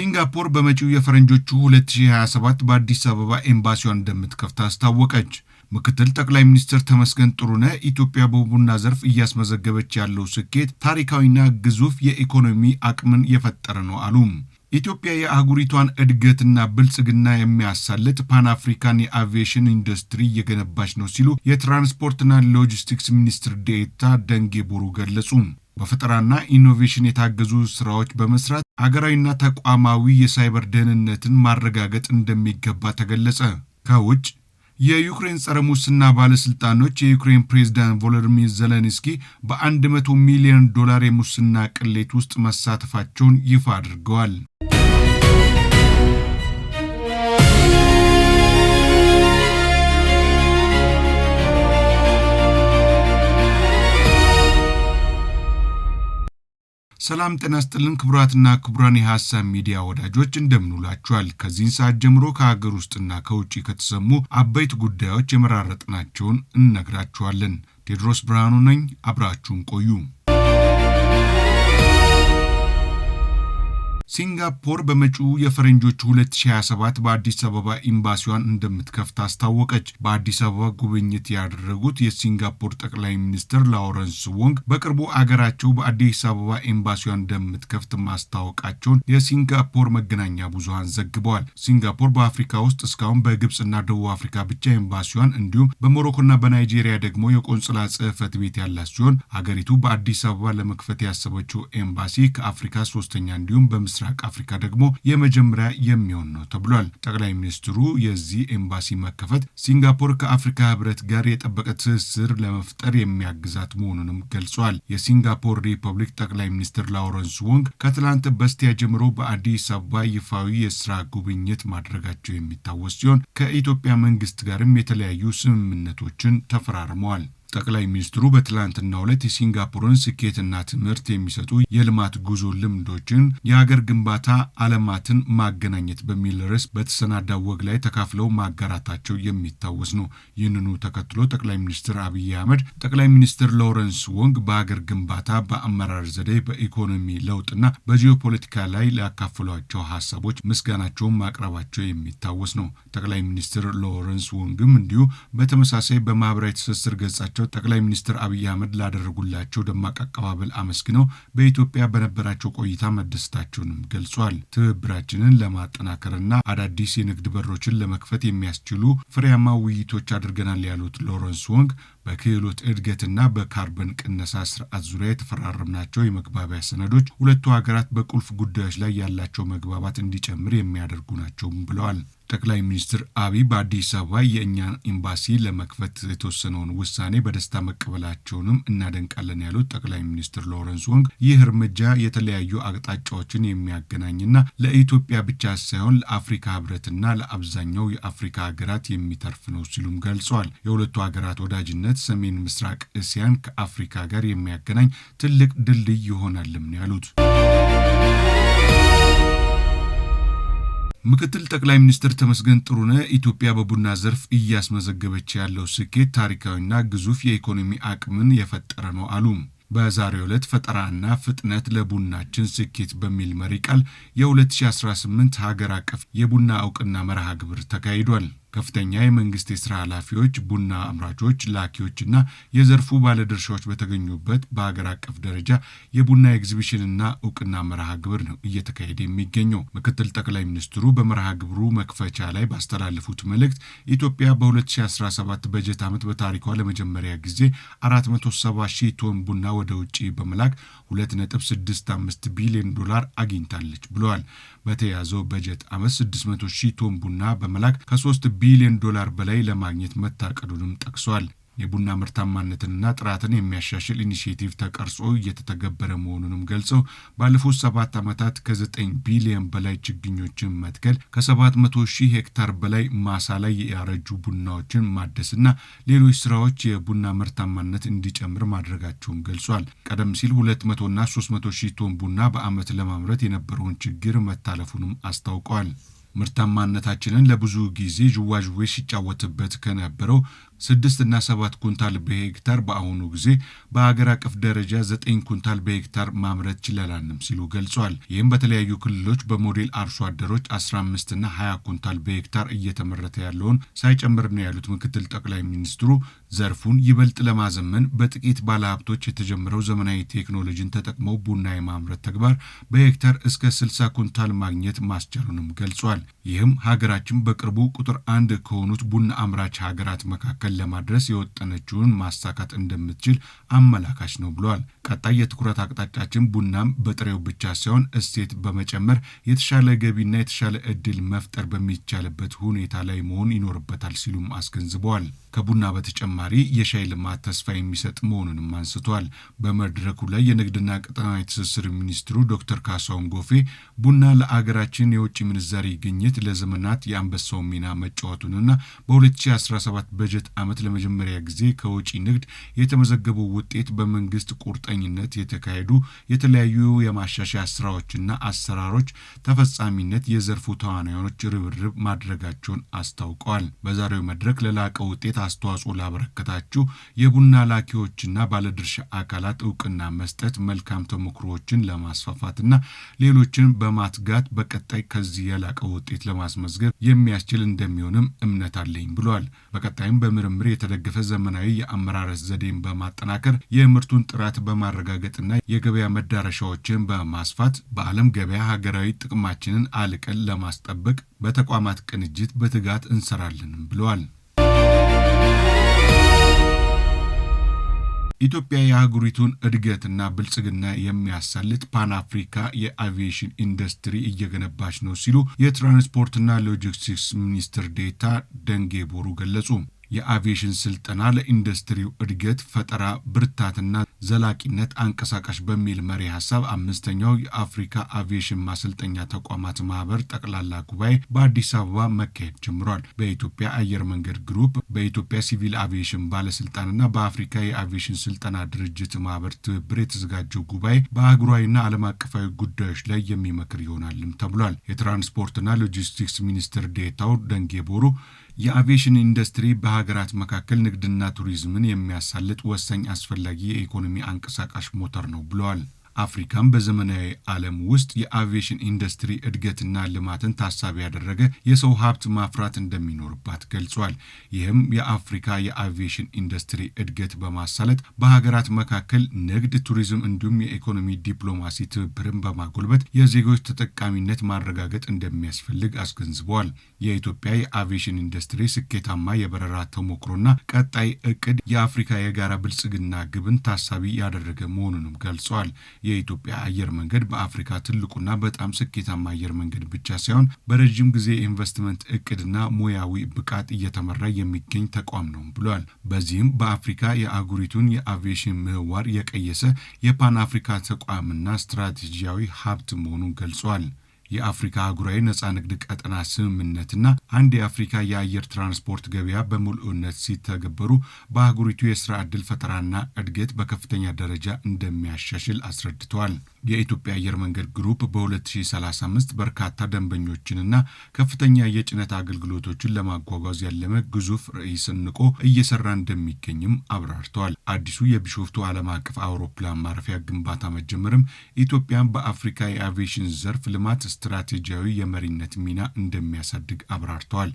ሲንጋፖር በመጪው የፈረንጆቹ 2027 በአዲስ አበባ ኤምባሲዋን እንደምትከፍት አስታወቀች። ምክትል ጠቅላይ ሚኒስትር ተመስገን ጥሩነህ ኢትዮጵያ በቡና ዘርፍ እያስመዘገበች ያለው ስኬት ታሪካዊና ግዙፍ የኢኮኖሚ አቅምን የፈጠረ ነው አሉ። ኢትዮጵያ የአህጉሪቷን እድገትና ብልጽግና የሚያሳልጥ ፓን አፍሪካን የአቪዬሽን ኢንዱስትሪ እየገነባች ነው ሲሉ የትራንስፖርትና ሎጂስቲክስ ሚኒስትር ዴኤታ ደንጌ ቦሩ ገለጹ። በፈጠራና ኢኖቬሽን የታገዙ ስራዎች በመስራት አገራዊና ተቋማዊ የሳይበር ደህንነትን ማረጋገጥ እንደሚገባ ተገለጸ። ከውጭ የዩክሬን ጸረ ሙስና ባለስልጣኖች የዩክሬን ፕሬዝዳንት ቮሎዲሚር ዘለንስኪ በአንድ መቶ ሚሊዮን ዶላር የሙስና ቅሌት ውስጥ መሳተፋቸውን ይፋ አድርገዋል። ሰላም ጤና ስጥልን ክቡራትና ክቡራን የሐሳብ ሚዲያ ወዳጆች እንደምንውላችኋል። ከዚህን ሰዓት ጀምሮ ከሀገር ውስጥና ከውጭ ከተሰሙ አበይት ጉዳዮች የመራረጥናቸውን እንነግራችኋለን። ቴድሮስ ብርሃኑ ነኝ። አብራችሁን ቆዩ። ሲንጋፖር በመጪው የፈረንጆቹ 2027 በአዲስ አበባ ኤምባሲዋን እንደምትከፍት አስታወቀች። በአዲስ አበባ ጉብኝት ያደረጉት የሲንጋፖር ጠቅላይ ሚኒስትር ላውረንስ ወንግ በቅርቡ አገራቸው በአዲስ አበባ ኤምባሲዋን እንደምትከፍት ማስታወቃቸውን የሲንጋፖር መገናኛ ብዙሃን ዘግበዋል። ሲንጋፖር በአፍሪካ ውስጥ እስካሁን በግብፅና ደቡብ አፍሪካ ብቻ ኤምባሲዋን እንዲሁም በሞሮኮና በናይጄሪያ ደግሞ የቆንጽላ ጽህፈት ቤት ያላት ሲሆን አገሪቱ በአዲስ አበባ ለመክፈት ያሰበችው ኤምባሲ ከአፍሪካ ሶስተኛ እንዲሁም በምስ ምስራቅ አፍሪካ ደግሞ የመጀመሪያ የሚሆን ነው ተብሏል። ጠቅላይ ሚኒስትሩ የዚህ ኤምባሲ መከፈት ሲንጋፖር ከአፍሪካ ህብረት ጋር የጠበቀ ትስስር ለመፍጠር የሚያግዛት መሆኑንም ገልጿል። የሲንጋፖር ሪፐብሊክ ጠቅላይ ሚኒስትር ላውረንስ ወንግ ከትላንት በስቲያ ጀምሮ በአዲስ አበባ ይፋዊ የስራ ጉብኝት ማድረጋቸው የሚታወስ ሲሆን ከኢትዮጵያ መንግስት ጋርም የተለያዩ ስምምነቶችን ተፈራርመዋል። ጠቅላይ ሚኒስትሩ በትላንትናው ዕለት የሲንጋፖርን ስኬትና ትምህርት የሚሰጡ የልማት ጉዞ ልምዶችን የሀገር ግንባታ አለማትን ማገናኘት በሚል ርዕስ በተሰናዳ ወግ ላይ ተካፍለው ማጋራታቸው የሚታወስ ነው። ይህንኑ ተከትሎ ጠቅላይ ሚኒስትር አብይ አህመድ ጠቅላይ ሚኒስትር ሎረንስ ወንግ በሀገር ግንባታ፣ በአመራር ዘዴ፣ በኢኮኖሚ ለውጥና በጂኦፖለቲካ ላይ ሊያካፍሏቸው ሀሳቦች ምስጋናቸውን ማቅረባቸው የሚታወስ ነው። ጠቅላይ ሚኒስትር ሎረንስ ወንግም እንዲሁ በተመሳሳይ በማህበራዊ ትስስር ገጻቸው ተገናኝተው ጠቅላይ ሚኒስትር አብይ አህመድ ላደረጉላቸው ደማቅ አቀባበል አመስግነው በኢትዮጵያ በነበራቸው ቆይታ መደሰታቸውንም ገልጿል። ትብብራችንን ለማጠናከርና አዳዲስ የንግድ በሮችን ለመክፈት የሚያስችሉ ፍሬያማ ውይይቶች አድርገናል ያሉት ሎረንስ ወንግ በክህሎት እድገትና በካርበን ቅነሳ ስርዓት ዙሪያ የተፈራረምናቸው የመግባቢያ ሰነዶች ሁለቱ ሀገራት በቁልፍ ጉዳዮች ላይ ያላቸው መግባባት እንዲጨምር የሚያደርጉ ናቸውም ብለዋል። ጠቅላይ ሚኒስትር አብይ በአዲስ አበባ የእኛ ኤምባሲ ለመክፈት የተወሰነውን ውሳኔ በደስታ መቀበላቸውንም እናደንቃለን ያሉት ጠቅላይ ሚኒስትር ሎረንስ ወንግ ይህ እርምጃ የተለያዩ አቅጣጫዎችን የሚያገናኝና ለኢትዮጵያ ብቻ ሳይሆን ለአፍሪካ ህብረትና ለአብዛኛው የአፍሪካ ሀገራት የሚተርፍ ነው ሲሉም ገልጸዋል። የሁለቱ ሀገራት ወዳጅነት ሰሜን ምስራቅ እስያን ከአፍሪካ ጋር የሚያገናኝ ትልቅ ድልድይ ይሆናልም ነው ያሉት። ምክትል ጠቅላይ ሚኒስትር ተመስገን ጥሩነህ ኢትዮጵያ በቡና ዘርፍ እያስመዘገበች ያለው ስኬት ታሪካዊና ግዙፍ የኢኮኖሚ አቅምን የፈጠረ ነው አሉ። በዛሬው ዕለት ፈጠራና ፍጥነት ለቡናችን ስኬት በሚል መሪ ቃል የ2018 ሀገር አቀፍ የቡና እውቅና መርሃ ግብር ተካሂዷል። ከፍተኛ የመንግስት የስራ ኃላፊዎች፣ ቡና አምራቾች፣ ላኪዎችና የዘርፉ ባለድርሻዎች በተገኙበት በሀገር አቀፍ ደረጃ የቡና ኤግዚቢሽንና እውቅና መርሃ ግብር ነው እየተካሄደ የሚገኘው። ምክትል ጠቅላይ ሚኒስትሩ በመርሃ ግብሩ መክፈቻ ላይ ባስተላለፉት መልእክት ኢትዮጵያ በ2017 በጀት ዓመት በታሪኳ ለመጀመሪያ ጊዜ 470 ሺህ ቶን ቡና ወደ ውጭ በመላክ 2.65 ቢሊዮን ዶላር አግኝታለች ብለዋል። በተያዘው በጀት ዓመት 600 ሺህ ቶን ቡና በመላክ ከ3 ቢሊዮን ዶላር በላይ ለማግኘት መታቀዱንም ጠቅሷል። የቡና ምርታማነትንና ጥራትን የሚያሻሽል ኢኒሽቲቭ ተቀርጾ እየተተገበረ መሆኑንም ገልጸው ባለፉት ሰባት ዓመታት ከ9 ቢሊዮን በላይ ችግኞችን መትከል ከ700 ሺህ ሄክታር በላይ ማሳ ላይ ያረጁ ቡናዎችን ማደስና ሌሎች ስራዎች የቡና ምርታማነት እንዲጨምር ማድረጋቸውን ገልጿል። ቀደም ሲል ሁለት ና 300 ሺህ ቶን ቡና በዓመት ለማምረት የነበረውን ችግር መታለፉንም አስታውቀዋል። ምርታማነታችንን ለብዙ ጊዜ ዥዋዥዌ ሲጫወትበት ከነበረው ስድስት እና ሰባት ኩንታል በሄክታር በአሁኑ ጊዜ በሀገር አቀፍ ደረጃ ዘጠኝ ኩንታል በሄክታር ማምረት ችለናልም ሲሉ ገልጿል። ይህም በተለያዩ ክልሎች በሞዴል አርሶ አደሮች 15 ና 20 ኩንታል በሄክታር እየተመረተ ያለውን ሳይጨምር ነው ያሉት ምክትል ጠቅላይ ሚኒስትሩ ዘርፉን ይበልጥ ለማዘመን በጥቂት ባለሀብቶች የተጀመረው ዘመናዊ ቴክኖሎጂን ተጠቅመው ቡና የማምረት ተግባር በሄክታር እስከ 60 ኩንታል ማግኘት ማስቻሉንም ገልጿል። ይህም ሀገራችን በቅርቡ ቁጥር አንድ ከሆኑት ቡና አምራች ሀገራት መካከል ግብን ለማድረስ የወጠነችውን ማሳካት እንደምትችል አመላካች ነው ብሏል። ቀጣይ የትኩረት አቅጣጫችን ቡናም በጥሬው ብቻ ሳይሆን እሴት በመጨመር የተሻለ ገቢና የተሻለ እድል መፍጠር በሚቻልበት ሁኔታ ላይ መሆን ይኖርበታል ሲሉም አስገንዝበዋል። ከቡና በተጨማሪ የሻይ ልማት ተስፋ የሚሰጥ መሆኑንም አንስቷል። በመድረኩ ላይ የንግድና ቀጠናዊ ትስስር ሚኒስትሩ ዶክተር ካሳሁን ጎፌ ቡና ለአገራችን የውጭ ምንዛሪ ግኝት ለዘመናት የአንበሳው ሚና መጫወቱንና በ2017 በጀት ዓመት ለመጀመሪያ ጊዜ ከውጪ ንግድ የተመዘገበው ውጤት በመንግስት ቁርጠኝ ቁርጠኝነት የተካሄዱ የተለያዩ የማሻሻያ ስራዎችና አሰራሮች ተፈጻሚነት የዘርፉ ተዋናዮች ርብርብ ማድረጋቸውን አስታውቀዋል። በዛሬው መድረክ ለላቀ ውጤት አስተዋጽኦ ላበረከታችሁ የቡና ላኪዎችና ባለድርሻ አካላት እውቅና መስጠት፣ መልካም ተሞክሮዎችን ለማስፋፋትና ሌሎችን በማትጋት በቀጣይ ከዚህ የላቀ ውጤት ለማስመዝገብ የሚያስችል እንደሚሆንም እምነት አለኝ ብሏል። በቀጣይም በምርምር የተደገፈ ዘመናዊ የአመራረት ዘዴን በማጠናከር የምርቱን ጥራት በ በማረጋገጥና የገበያ መዳረሻዎችን በማስፋት በዓለም ገበያ ሀገራዊ ጥቅማችንን አልቀን ለማስጠበቅ በተቋማት ቅንጅት በትጋት እንሰራለንም ብለዋል። ኢትዮጵያ የአህጉሪቱን እድገትና ብልጽግና የሚያሳልጥ ፓን አፍሪካ የአቪዬሽን ኢንዱስትሪ እየገነባች ነው ሲሉ የትራንስፖርትና ሎጂስቲክስ ሚኒስትር ዴታ ደንጌ ቦሩ ገለጹ። የአቪዬሽን ስልጠና ለኢንዱስትሪው እድገት ፈጠራ፣ ብርታትና ዘላቂነት አንቀሳቃሽ በሚል መሪ ሀሳብ አምስተኛው የአፍሪካ አቪዬሽን ማሰልጠኛ ተቋማት ማህበር ጠቅላላ ጉባኤ በአዲስ አበባ መካሄድ ጀምሯል። በኢትዮጵያ አየር መንገድ ግሩፕ፣ በኢትዮጵያ ሲቪል አቪዬሽን ባለስልጣንና በአፍሪካ የአቪዬሽን ስልጠና ድርጅት ማህበር ትብብር የተዘጋጀው ጉባኤ በአህጉራዊና ዓለም አቀፋዊ ጉዳዮች ላይ የሚመክር ይሆናልም ተብሏል። የትራንስፖርትና ሎጂስቲክስ ሚኒስትር ዴታው ደንጌ ቦሩ የአቪዬሽን ኢንዱስትሪ በሀገራት መካከል ንግድና ቱሪዝምን የሚያሳልጥ ወሳኝ አስፈላጊ የኢኮኖሚ አንቀሳቃሽ ሞተር ነው ብለዋል። አፍሪካም በዘመናዊ ዓለም ውስጥ የአቪዬሽን ኢንዱስትሪ እድገትና ልማትን ታሳቢ ያደረገ የሰው ሀብት ማፍራት እንደሚኖርባት ገልጿል። ይህም የአፍሪካ የአቪዬሽን ኢንዱስትሪ እድገት በማሳለጥ በሀገራት መካከል ንግድ፣ ቱሪዝም እንዲሁም የኢኮኖሚ ዲፕሎማሲ ትብብርን በማጎልበት የዜጎች ተጠቃሚነት ማረጋገጥ እንደሚያስፈልግ አስገንዝበዋል። የኢትዮጵያ የአቪዬሽን ኢንዱስትሪ ስኬታማ የበረራ ተሞክሮና ቀጣይ እቅድ የአፍሪካ የጋራ ብልጽግና ግብን ታሳቢ ያደረገ መሆኑንም ገልጿል። የኢትዮጵያ አየር መንገድ በአፍሪካ ትልቁና በጣም ስኬታማ አየር መንገድ ብቻ ሳይሆን በረዥም ጊዜ የኢንቨስትመንት እቅድና ሙያዊ ብቃት እየተመራ የሚገኝ ተቋም ነው ብሏል። በዚህም በአፍሪካ የአህጉሪቱን የአቪዬሽን ምህዋር የቀየሰ የፓን አፍሪካ ተቋምና ስትራቴጂያዊ ሀብት መሆኑን ገልጿል። የአፍሪካ አህጉራዊ ነጻ ንግድ ቀጠና ስምምነትና አንድ የአፍሪካ የአየር ትራንስፖርት ገበያ በሙሉነት ሲተገበሩ በአህጉሪቱ የስራ ዕድል ፈጠራና እድገት በከፍተኛ ደረጃ እንደሚያሻሽል አስረድተዋል። የኢትዮጵያ አየር መንገድ ግሩፕ በ2035 በርካታ ደንበኞችንና ከፍተኛ የጭነት አገልግሎቶችን ለማጓጓዝ ያለመ ግዙፍ ራዕይ ሰንቆ እየሰራ እንደሚገኝም አብራርተዋል። አዲሱ የቢሾፍቱ ዓለም አቀፍ አውሮፕላን ማረፊያ ግንባታ መጀመርም ኢትዮጵያን በአፍሪካ የአቪዬሽን ዘርፍ ልማት ስትራቴጂያዊ የመሪነት ሚና እንደሚያሳድግ አብራርተዋል።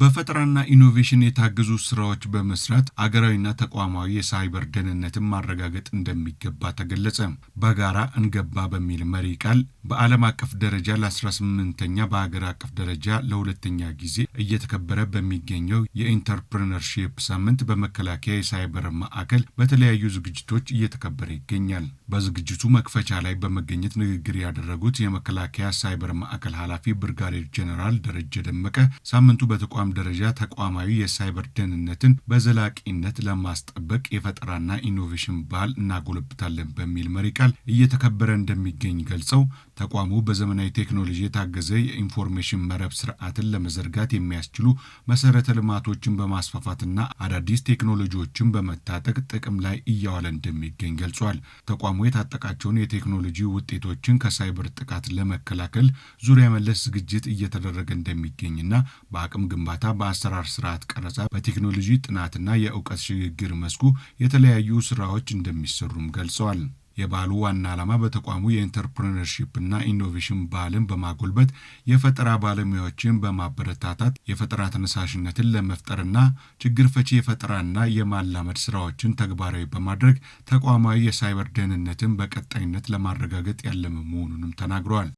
በፈጠራና ኢኖቬሽን የታገዙ ስራዎች በመስራት አገራዊና ተቋማዊ የሳይበር ደህንነትን ማረጋገጥ እንደሚገባ ተገለጸ። በጋራ እንገባ በሚል መሪ ቃል በዓለም አቀፍ ደረጃ ለ18ኛ በሀገር አቀፍ ደረጃ ለሁለተኛ ጊዜ እየተከበረ በሚገኘው የኢንተርፕርነርሺፕ ሳምንት በመከላከያ የሳይበር ማዕከል በተለያዩ ዝግጅቶች እየተከበረ ይገኛል። በዝግጅቱ መክፈቻ ላይ በመገኘት ንግግር ያደረጉት የመከላከያ ሳይበር ማዕከል ኃላፊ ብርጋዴር ጄኔራል ደረጀ ደመቀ ሳምንቱ በተቋ ተቋም ደረጃ ተቋማዊ የሳይበር ደህንነትን በዘላቂነት ለማስጠበቅ የፈጠራና ኢኖቬሽን ባህል እናጎለብታለን በሚል መሪ ቃል እየተከበረ እንደሚገኝ ገልጸው ተቋሙ በዘመናዊ ቴክኖሎጂ የታገዘ የኢንፎርሜሽን መረብ ስርዓትን ለመዘርጋት የሚያስችሉ መሰረተ ልማቶችን በማስፋፋትና አዳዲስ ቴክኖሎጂዎችን በመታጠቅ ጥቅም ላይ እያዋለ እንደሚገኝ ገልጿል። ተቋሙ የታጠቃቸውን የቴክኖሎጂ ውጤቶችን ከሳይበር ጥቃት ለመከላከል ዙሪያ መለስ ዝግጅት እየተደረገ እንደሚገኝና በአቅም ግንባታ፣ በአሰራር ስርዓት ቀረጻ፣ በቴክኖሎጂ ጥናትና የእውቀት ሽግግር መስኩ የተለያዩ ስራዎች እንደሚሰሩም ገልጸዋል። የባሉ ዋና ዓላማ በተቋሙ የኢንተርፕረነርሺፕና ኢኖቬሽን ባህልን በማጎልበት የፈጠራ ባለሙያዎችን በማበረታታት የፈጠራ ተነሳሽነትን ለመፍጠርና ችግር ፈቺ የፈጠራና የማላመድ ስራዎችን ተግባራዊ በማድረግ ተቋማዊ የሳይበር ደህንነትን በቀጣይነት ለማረጋገጥ ያለመ መሆኑንም ተናግረዋል።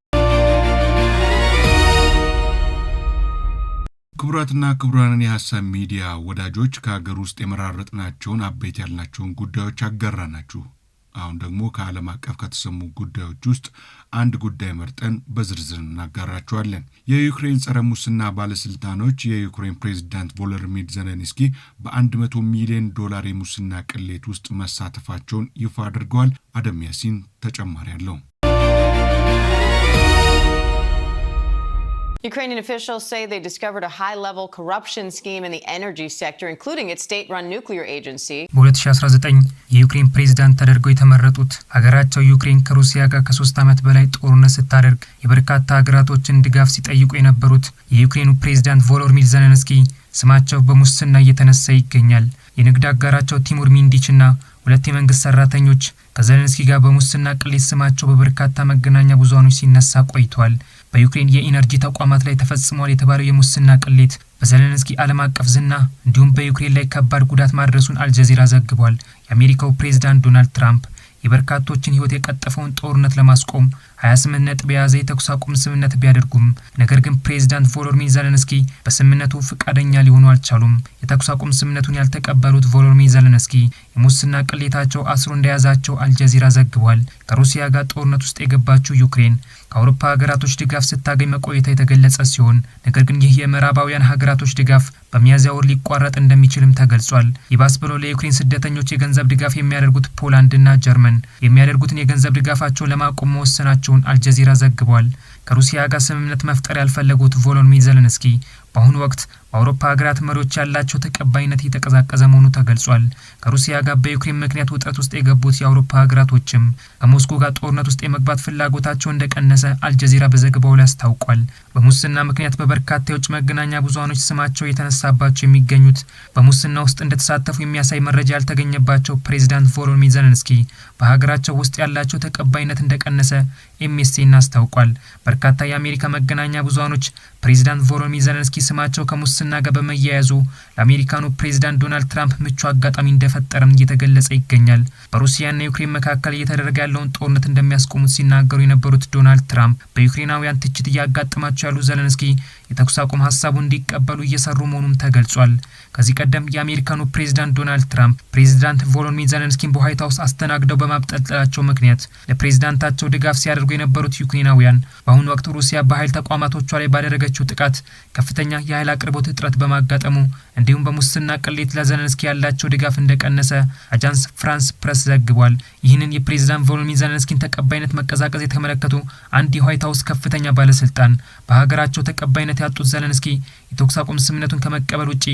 ክቡራትና ክቡራንን የሀሳብ ሚዲያ ወዳጆች ከሀገር ውስጥ የመራረጥናቸውን አበይት ያልናቸውን ጉዳዮች አጋራናችሁ። አሁን ደግሞ ከዓለም አቀፍ ከተሰሙ ጉዳዮች ውስጥ አንድ ጉዳይ መርጠን በዝርዝር እናጋራቸዋለን። የዩክሬን ጸረ ሙስና ባለስልጣኖች የዩክሬን ፕሬዚዳንት ቮሎዲሚር ዘለንስኪ በ100 ሚሊዮን ዶላር የሙስና ቅሌት ውስጥ መሳተፋቸውን ይፋ አድርገዋል። አደም ያሲን ተጨማሪ አለው። Ukrainian officials say they discovered a high-level corruption scheme in the energy sector, including its state-run nuclear agency. በ2019 የዩክሬን ፕሬዝዳንት ተደርገው የተመረጡት ሀገራቸው ዩክሬን ከሩሲያ ጋር ከሶስት ዓመት በላይ ጦርነት ስታደርግ የበርካታ ሀገራቶችን ድጋፍ ሲጠይቁ የነበሩት የዩክሬኑ ፕሬዝዳንት ቮሎዲሚር ዘለንስኪ ስማቸው በሙስና እየተነሳ ይገኛል። የንግድ አጋራቸው ቲሙር ሚንዲችና ሁለት የመንግስት ሰራተኞች ከዘለንስኪ ጋር በሙስና ቅሌት ስማቸው በበርካታ መገናኛ ብዙሃኖች ሲነሳ ቆይተዋል። በዩክሬን የኢነርጂ ተቋማት ላይ ተፈጽመዋል የተባለው የሙስና ቅሌት በዘለንስኪ ዓለም አቀፍ ዝና እንዲሁም በዩክሬን ላይ ከባድ ጉዳት ማድረሱን አልጀዚራ ዘግቧል። የአሜሪካው ፕሬዝዳንት ዶናልድ ትራምፕ የበርካቶችን ሕይወት የቀጠፈውን ጦርነት ለማስቆም 28 ነጥብ የያዘ የተኩስ አቁም ስምምነት ቢያደርጉም ነገር ግን ፕሬዚዳንት ቮሎዲሚር ዘለንስኪ በስምምነቱ ፈቃደኛ ሊሆኑ አልቻሉም። የተኩስ አቁም ስምምነቱን ያልተቀበሉት ቮሎዲሚር ዘለንስኪ የሙስና ቅሌታቸው አስሮ እንደያዛቸው አልጀዚራ ዘግቧል። ከሩሲያ ጋር ጦርነት ውስጥ የገባችው ዩክሬን ከአውሮፓ ሀገራቶች ድጋፍ ስታገኝ መቆየታ የተገለጸ ሲሆን ነገር ግን ይህ የምዕራባውያን ሀገራቶች ድጋፍ በሚያዝያ ወር ሊቋረጥ እንደሚችልም ተገልጿል። ይባስ ብሎ ለዩክሬን ስደተኞች የገንዘብ ድጋፍ የሚያደርጉት ፖላንድና ጀርመን የሚያደርጉትን የገንዘብ ድጋፋቸውን ለማቆም መወሰናቸውን አልጀዚራ ዘግቧል። ከሩሲያ ጋር ስምምነት መፍጠር ያልፈለጉት ቮሎዲሚር ዘለንስኪ በአሁኑ ወቅት በአውሮፓ ሀገራት መሪዎች ያላቸው ተቀባይነት እየተቀዛቀዘ መሆኑ ተገልጿል። ከሩሲያ ጋር በዩክሬን ምክንያት ውጥረት ውስጥ የገቡት የአውሮፓ ሀገራቶችም ከሞስኮ ጋር ጦርነት ውስጥ የመግባት ፍላጎታቸው እንደቀነሰ አልጀዚራ በዘገባው ላይ አስታውቋል። በሙስና ምክንያት በበርካታ የውጭ መገናኛ ብዙኖች ስማቸው የተነሳባቸው የሚገኙት በሙስና ውስጥ እንደተሳተፉ የሚያሳይ መረጃ ያልተገኘባቸው ፕሬዚዳንት ቮሎዲሚር ዘለንስኪ በሀገራቸው ውስጥ ያላቸው ተቀባይነት እንደቀነሰ ኤምኤስኤን አስታውቋል። በርካታ የአሜሪካ መገናኛ ብዙሃኖች ፕሬዚዳንት ቮሎዲሚር ዘለንስኪ ስማቸው ከሙስ ከሙስና ጋር በመያያዙ ለአሜሪካኑ ፕሬዚዳንት ዶናልድ ትራምፕ ምቹ አጋጣሚ እንደፈጠረም እየተገለጸ ይገኛል። በሩሲያና ዩክሬን መካከል እየተደረገ ያለውን ጦርነት እንደሚያስቆሙት ሲናገሩ የነበሩት ዶናልድ ትራምፕ በዩክሬናውያን ትችት እያጋጠማቸው ያሉ ዘለንስኪ የተኩስ አቁም ሀሳቡ እንዲቀበሉ እየሰሩ መሆኑም ተገልጿል። ከዚህ ቀደም የአሜሪካኑ ፕሬዚዳንት ዶናልድ ትራምፕ ፕሬዚዳንት ቮሎዲሚር ዘለንስኪን በዋይት ሀውስ አስተናግደው በማብጠልጠላቸው ምክንያት ለፕሬዚዳንታቸው ድጋፍ ሲያደርጉ የነበሩት ዩክሬናውያን በአሁኑ ወቅት ሩሲያ በኃይል ተቋማቶቿ ላይ ባደረገችው ጥቃት ከፍተኛ የኃይል አቅርቦት እጥረት በማጋጠሙ እንዲሁም በሙስና ቅሌት ለዘለንስኪ ያላቸው ድጋፍ እንደቀነሰ አጃንስ ፍራንስ ፕረስ ዘግቧል። ይህንን የፕሬዚዳንት ቮሎዲሚር ዘለንስኪን ተቀባይነት መቀዛቀዝ የተመለከቱ አንድ የዋይት ሀውስ ከፍተኛ ባለስልጣን በሀገራቸው ተቀባይነት ያጡት ዘለንስኪ የተኩስ አቁም ስምምነቱን ከመቀበል ውጪ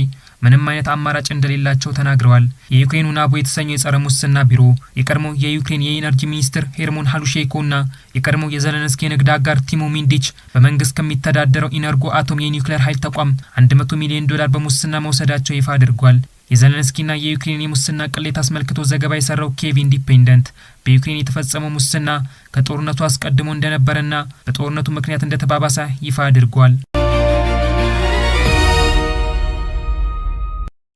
ምንም አይነት አማራጭ እንደሌላቸው ተናግረዋል። የዩክሬኑ ናቦ የተሰኘው የጸረ ሙስና ቢሮ የቀድሞ የዩክሬን የኢነርጂ ሚኒስትር ሄርሞን ሃሉሼኮና የቀድሞ የዘለንስኪ የንግድ አጋር ቲሞ ሚንዲች በመንግስት ከሚተዳደረው ኢነርጎ አቶም የኒውክሌር ኃይል ተቋም 100 ሚሊዮን ዶላር በሙስና መውሰዳቸው ይፋ አድርጓል። የዘለንስኪና የዩክሬን የሙስና ቅሌት አስመልክቶ ዘገባ የሰራው ኬቭ ኢንዲፔንደንት በዩክሬን የተፈጸመው ሙስና ከጦርነቱ አስቀድሞ እንደነበረና በጦርነቱ ምክንያት እንደተባባሰ ይፋ አድርጓል።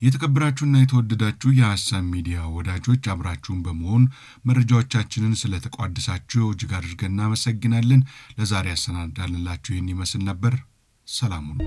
የተከበራችሁና የተወደዳችሁ የሀሳብ ሚዲያ ወዳጆች አብራችሁን በመሆን መረጃዎቻችንን ስለተቋደሳችሁ እጅግ አድርገን እናመሰግናለን። ለዛሬ ያሰናዳልንላችሁ ይህን ይመስል ነበር። ሰላሙን